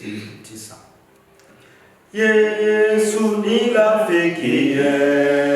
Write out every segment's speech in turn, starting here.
69. Yesu ni rafiki yetu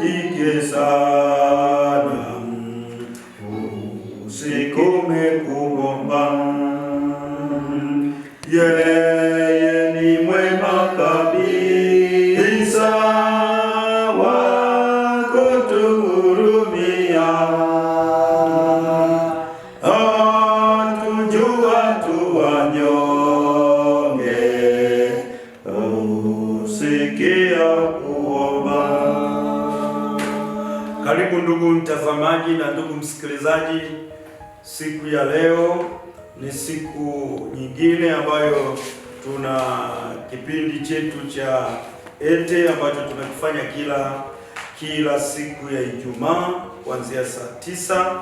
一起唱。ndugu mtazamaji na ndugu msikilizaji, siku ya leo ni siku nyingine ambayo tuna kipindi chetu cha ETE ambacho tunakifanya kila kila siku ya Ijumaa kuanzia saa tisa.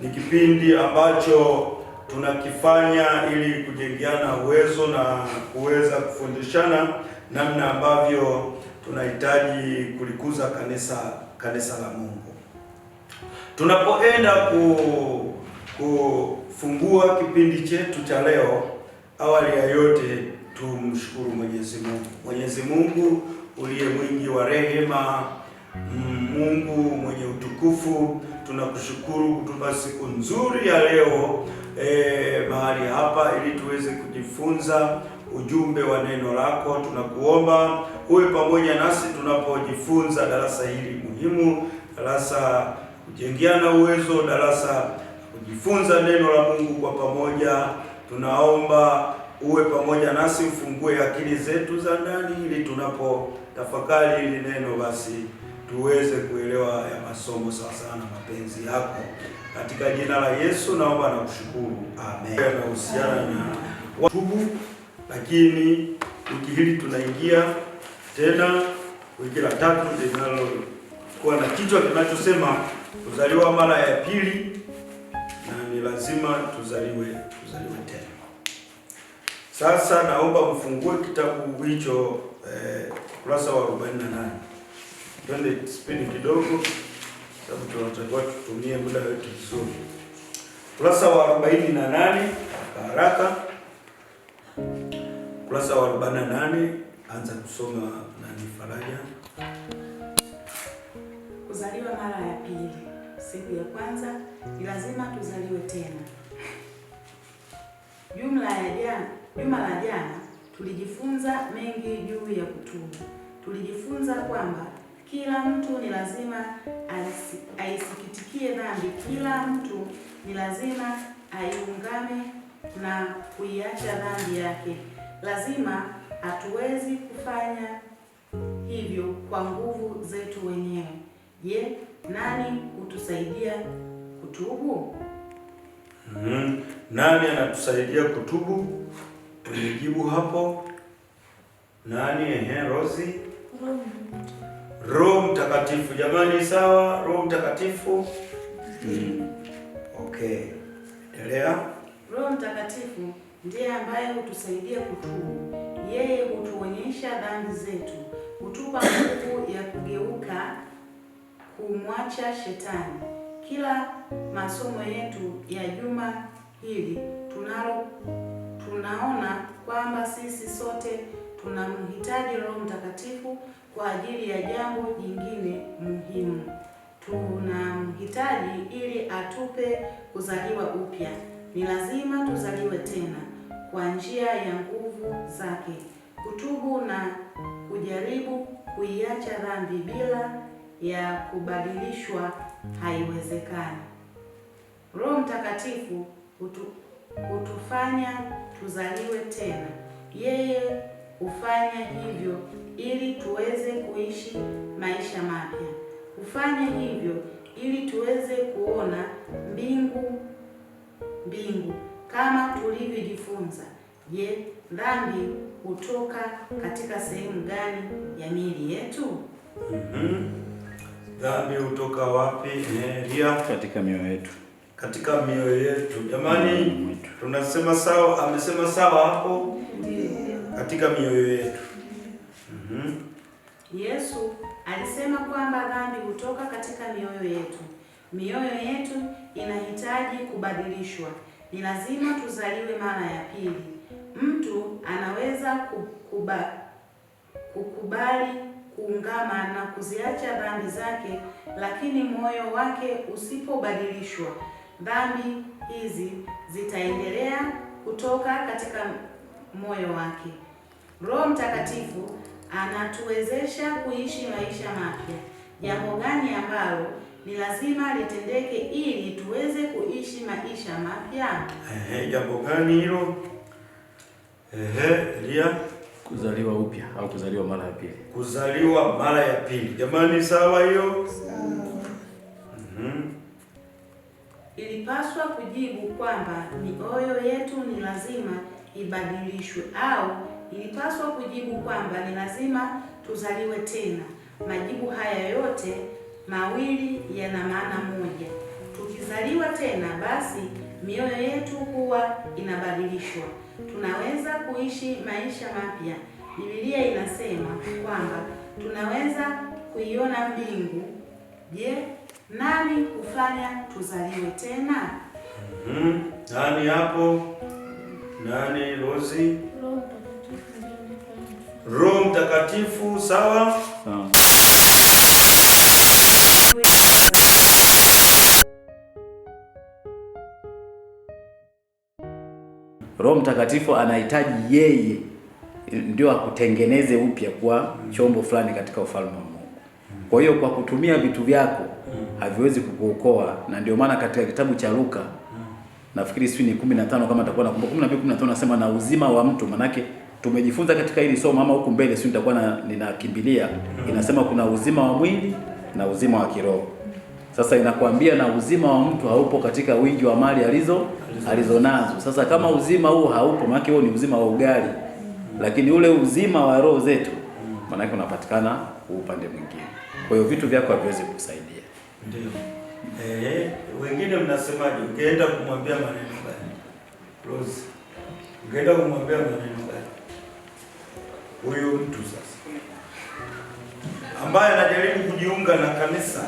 Ni kipindi ambacho tunakifanya ili kujengeana uwezo na kuweza kufundishana namna ambavyo tunahitaji kulikuza kanisa kanisa la Mungu. Tunapoenda ku- kufungua kipindi chetu cha leo, awali ya yote tumshukuru Mwenyezi Mungu. Mwenyezi Mungu uliye mwingi wa rehema, Mungu mwenye utukufu, tunakushukuru kutupa siku nzuri ya leo eh, mahali hapa ili tuweze kujifunza ujumbe wa neno lako. Tunakuomba uwe pamoja nasi tunapojifunza darasa hili muhimu, darasa kujengeana uwezo darasa kujifunza neno la Mungu kwa pamoja. Tunaomba uwe pamoja nasi, ufungue akili zetu za ndani, ili tunapotafakari hili neno, basi tuweze kuelewa ya masomo sawasawa na mapenzi yako. Katika jina la Yesu naomba na kushukuru, amen. Nahusiana na watubu, lakini wiki hili tunaingia tena wiki la tatu linalokuwa na kichwa kinachosema kuzaliwa mara ya pili na ni lazima tuzaliwe tuzaliwe tena. Sasa naomba mfungue kitabu hicho ukurasa eh, wa 48. Twende spini kidogo, sababu tunatakiwa tutumie muda wetu vizuri. Ukurasa wa 48 haraka, ukurasa wa 48, anza kusoma nani Faraja kuzaliwa mara ya pili, siku ya kwanza ni lazima tuzaliwe tena. Jumla ya jana, juma la jana tulijifunza mengi juu ya kutubu. Tulijifunza kwamba kila mtu ni lazima aisikitikie dhambi, kila mtu ni lazima aiungame na kuiacha dhambi yake. Lazima hatuwezi kufanya hivyo kwa nguvu zetu wenyewe. Je, nani hutusaidia kutubu? Mm, nani anatusaidia kutubu? Tulijibu hapo nani? Ehe, rosi Roho Mtakatifu, jamani, sawa. Roho Mtakatifu. Mm. Okay, endelea. Roho Mtakatifu ndiye ambaye hutusaidia kutubu. Yeye hutuonyesha dhambi zetu, hutupa nguvu ya kugeuka kumwacha Shetani. Kila masomo yetu ya juma hili tunalo tunaona kwamba sisi sote tunamhitaji Roho Mtakatifu kwa ajili ya jambo jingine muhimu. Tunamhitaji ili atupe kuzaliwa upya. Ni lazima tuzaliwe tena kwa njia ya nguvu zake, kutubu na kujaribu kuiacha dhambi bila ya kubadilishwa haiwezekani. Roho Mtakatifu hutu, hutufanya tuzaliwe tena. Yeye hufanya hivyo ili tuweze kuishi maisha mapya. Hufanya hivyo ili tuweze kuona mbingu mbingu kama tulivyojifunza. Je, dhambi hutoka katika sehemu gani ya miili yetu? mm -hmm. Dhambi hutoka wapi? Nelia, katika mioyo yetu, katika mioyo yetu. Jamani, tunasema sawa, amesema sawa hapo, katika mioyo yetu. Mm -hmm. Yesu alisema kwamba dhambi hutoka katika mioyo yetu. Mioyo yetu inahitaji kubadilishwa, ni lazima tuzaliwe mara ya pili. Mtu anaweza kukuba, kukubali kuungama na kuziacha dhambi zake, lakini moyo wake usipobadilishwa, dhambi hizi zitaendelea kutoka katika moyo wake. Roho Mtakatifu anatuwezesha kuishi maisha mapya. Jambo gani ambalo ni lazima litendeke ili tuweze kuishi maisha mapya? Ehe, jambo gani hilo? Ehe, Elia Kuzaliwa upya au kuzaliwa mara ya pili. Kuzaliwa mara ya pili. Jamani, sawa hiyo? Mm-hmm. Ilipaswa kujibu kwamba mioyo yetu ni lazima ibadilishwe au ilipaswa kujibu kwamba ni lazima tuzaliwe tena. Majibu haya yote mawili yana maana moja. Tukizaliwa tena basi mioyo yetu huwa inabadilishwa, tunaweza kuishi maisha mapya. Biblia inasema kwamba tunaweza kuiona mbingu. Je, nani kufanya tuzaliwe tena? Mm -hmm. Nani hapo? Nani Rozi? Roho Mtakatifu. Sawa, sawa. Roho Mtakatifu anahitaji yeye ndio akutengeneze upya kuwa chombo fulani katika ufalme wa Mungu. Kwa hiyo kwa kutumia vitu vyako haviwezi kukuokoa, na ndio maana katika kitabu cha Luka nafikiri sijui ni 15 kama nitakuwa nakumbuka 12 15, nasema na uzima wa mtu. Manake tumejifunza katika hili somo ama huku mbele, sio nitakuwa ninakimbilia, inasema kuna uzima wa mwili na uzima wa kiroho. Sasa inakwambia na uzima wa mtu haupo katika wingi wa mali alizo alizonazo. Sasa kama uzima huu haupo, maana huo ni uzima wa ugali, lakini ule uzima wa roho zetu yake unapatikana upande mwingine. Kwa hiyo vitu vyako haviwezi kukusaidia. Ndio. Eh, eh, wengine mnasemaje? Ukienda kumwambia maneno gani? Rose. Ukienda kumwambia maneno gani? Huyo mtu sasa ambaye anajaribu kujiunga na kanisa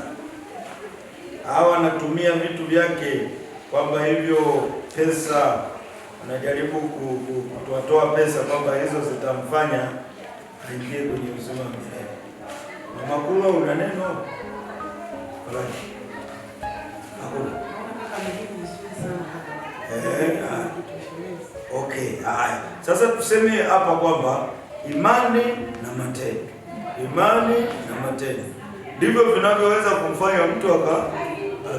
hawa anatumia vitu vyake, kwamba hivyo pesa anajaribu kutoatoa pesa kwamba hizo zitamfanya aingie kwenye uzima wa milele. Mama una neno? Hakuna. Eh, ah. okay, sasa tuseme hapa kwamba imani na matendo, imani na matendo ndivyo vinavyoweza kumfanya mtu aka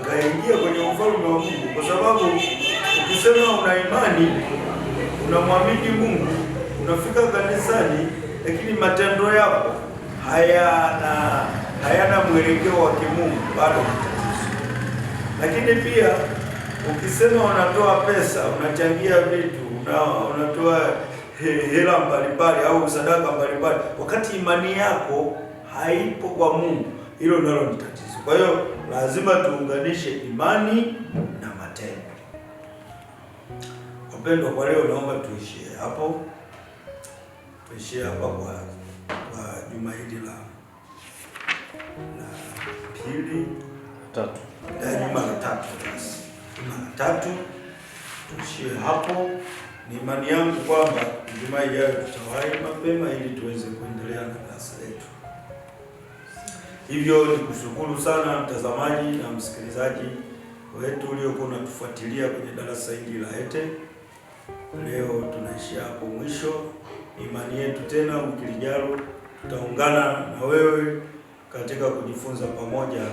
ukaingia kwenye ufalme wa Mungu, kwa sababu ukisema una imani, unamwamini Mungu, unafika kanisani, lakini matendo yako hayana hayana mwelekeo wa kimungu, bado mtatizo. Lakini pia ukisema unatoa pesa, unachangia vitu, una, unatoa hela mbalimbali au sadaka mbalimbali, wakati imani yako haipo kwa Mungu, hilo nalo ni tatizo. Kwa hiyo lazima tuunganishe imani na matendo. Wapendwa, kwa leo naomba tuishie hapo, tuishie hapa kwa kwa juma hili la la pili tatu, juma la tatu, basi juma la tatu tuishie hapo. Ni imani yangu kwamba juma ijayo tutawahi mapema ili tuweze kuendelea na darasa letu. Hivyo ni kushukuru sana mtazamaji na msikilizaji wetu uliokuwa unatufuatilia kwenye darasa hili la ETE. Leo tunaishia hapo mwisho. Imani yetu tena, wiki lijalo tutaungana na wewe katika kujifunza pamoja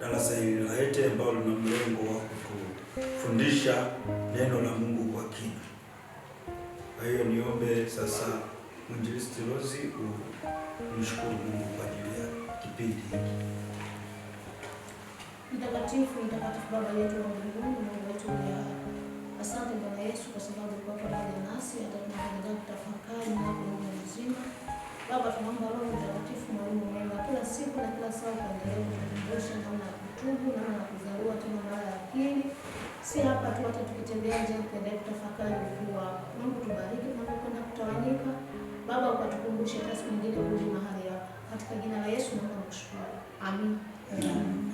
darasa hili la ETE ambalo lina mlengo wa kutufundisha neno la Mungu kwa kina. Kwa hiyo niombe sasa Mwinjilisti Rose umshukuru Mungu kwa kipindi hiki. Mtakatifu, mtakatifu Baba yetu wa mbinguni, Mungu wetu wa asante Bwana Yesu kwa sababu ulikuwa pamoja nasi hata tunaendelea kutafakari na kuona uzima. Baba, tunaomba Roho Mtakatifu mwalimu mwema kila siku na kila saa kuendelea kutukumbusha namna ya kutubu, namna ya kuzaliwa tena mara ya pili. Si hapa tu, hata tukitembea nje tuendelee kutafakari ukuu wako. Mungu tubariki tunapokwenda kutawanyika. Baba, ukatukumbushe tasi mwingine kurudi mahali katika jina la Yesu naomba kushukuru. Amin.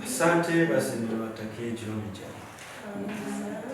Asante basi, niwatakie jioni njema.